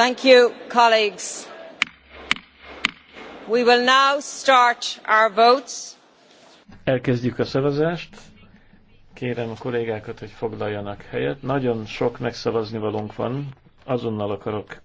Thank you, colleagues. We will now start our votes. Elkezdjük a szavazást. Kérem a kollégákat, hogy foglaljanak helyet. Nagyon sok megszavazni valónk van. Azonnal akarok